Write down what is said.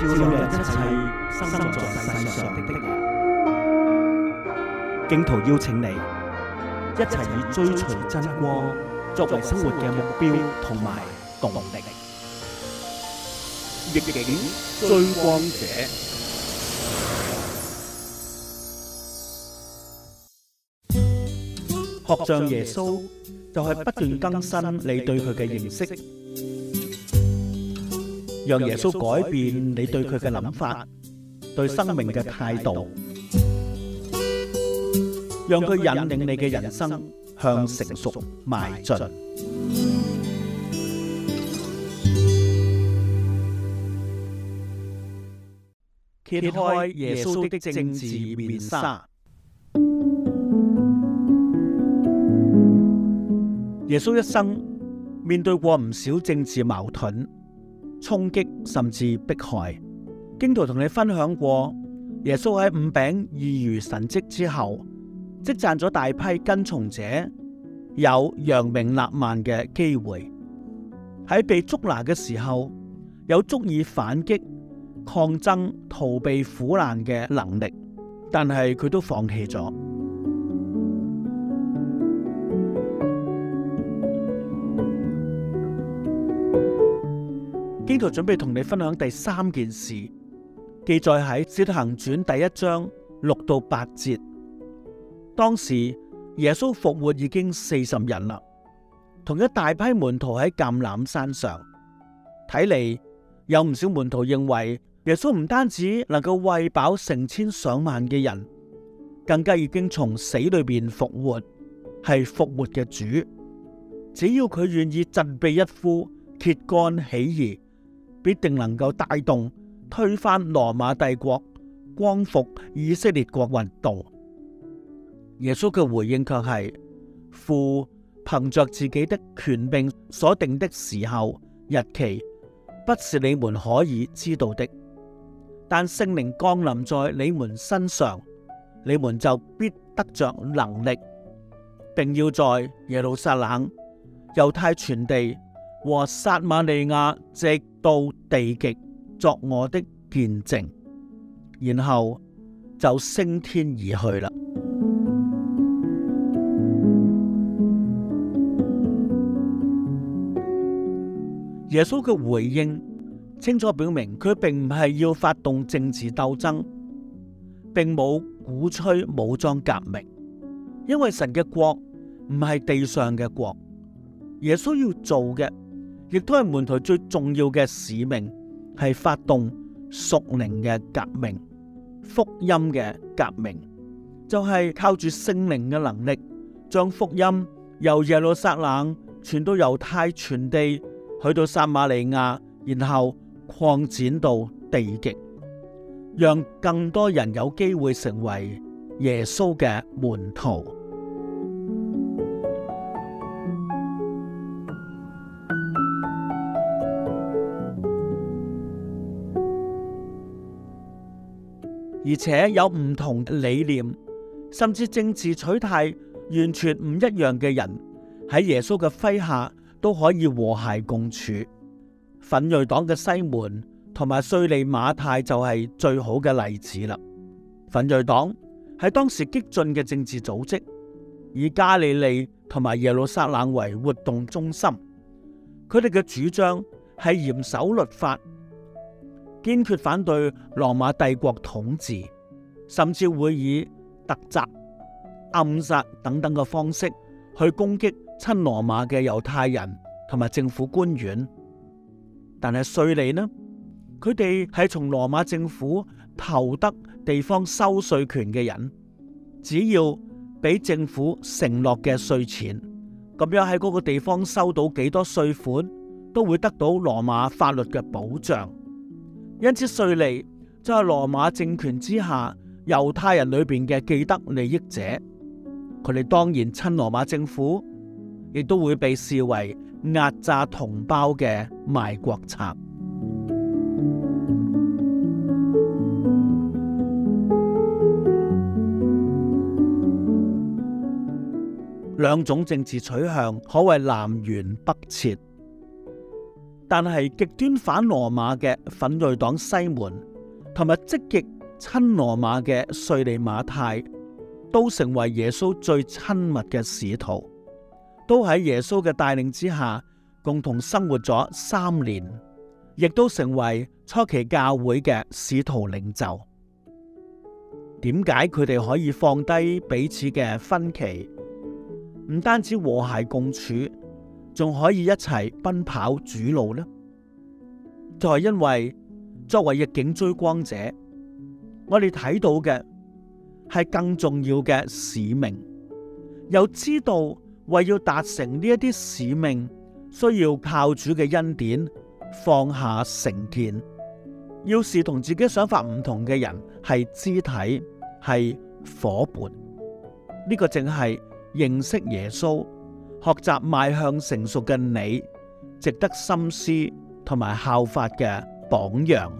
照亮一切生在世上的的人，荊徒邀請你一齊以追隨真光作為生活嘅目標同埋動力，逆境追光者，學像耶穌就係不斷更新你對佢嘅認識。讓耶穌改變你對佢嘅諗法，對生命嘅態度，讓佢引領你嘅人生向成熟邁進。揭開耶穌的政治面紗。耶穌一生面對過唔少政治矛盾。衝擊甚至迫害。荊徒同你分享過，耶穌喺五餅二魚神迹之後，積攢咗大批跟從者，有揚名立萬嘅機會；喺被捉拿嘅時候，有足以反擊、抗爭、逃避苦難嘅能力，但係佢都放棄咗。荊徒準備同你分享第三件事，記載喺《使徒行傳》第一章六到八節。當時耶穌復活已經四十日了，同一大批門徒喺橄欖山上。睇嚟有唔少門徒認為耶穌唔單止能夠喂飽成千上萬嘅人，更加已經從死裏邊復活，係復活嘅主。只要佢願意振臂一呼，揭竿起義，必定能夠帶動推翻羅馬帝國、光復以色列國運動。耶穌嘅回應卻係：父憑着自己的權柄所定的時候、日期，不是你們可以知道的。但聖靈降臨在你們身上，你們就必得着能力，並要在耶路撒冷、猶太全地。和撒瑪利亞直到地極作我的見證，然後就升天而去啦。耶穌嘅回應清楚表明，佢並唔係要發動政治鬥爭，並冇鼓吹武裝革命，因為神嘅國唔係地上嘅國。耶穌要做嘅。亦都係門徒最重要嘅使命，係發動屬靈嘅革命，福音嘅革命，就係、是、靠住聖靈嘅能力，將福音由耶路撒冷傳到猶太全地，去到撒馬利亞，然後擴展到地極，讓更多人有機會成為耶穌嘅門徒。而且有唔同嘅理念，甚至政治取態完全唔一樣嘅人喺耶穌嘅麾下都可以和諧共處。奮銳黨嘅西門同埋稅吏馬太就係最好嘅例子啦。奮銳黨係當時激進嘅政治組織，以加利利同埋耶路撒冷為活動中心。佢哋嘅主張係嚴守律法。堅決反對羅馬帝國統治，甚至會以特襲、暗殺等等嘅方式去攻擊親羅馬嘅猶太人同埋政府官員。但係稅吏呢？佢哋係從羅馬政府投得地方收稅權嘅人，只要俾政府承諾嘅稅錢，咁樣喺嗰個地方收到幾多稅款，都會得到羅馬法律嘅保障。因此，稅吏就係羅馬政權之下，猶太人裏邊嘅既得利益者，佢哋當然親羅馬政府，亦都會被視為壓榨同胞嘅賣國賊。兩種政治取向可謂南轅北轍。但係極端反羅馬嘅奮銳黨西門，同埋積極親羅馬嘅稅吏馬太，都成為耶穌最親密嘅使徒，都喺耶穌嘅帶領之下，共同生活咗三年，亦都成為初期教會嘅使徒領袖。點解佢哋可以放低彼此嘅分歧，唔單止和諧共處？仲可以一齊奔跑主路呢？就係、是，因為作為逆境追光者，我哋睇到嘅係更重要嘅使命，又知道為要達成呢一啲使命，需要靠主嘅恩典放下成見，要視同自己想法唔同嘅人係肢體係伙伴，呢、這個正係認識耶穌。學習邁向成熟嘅你，值得深思同埋效法嘅榜樣。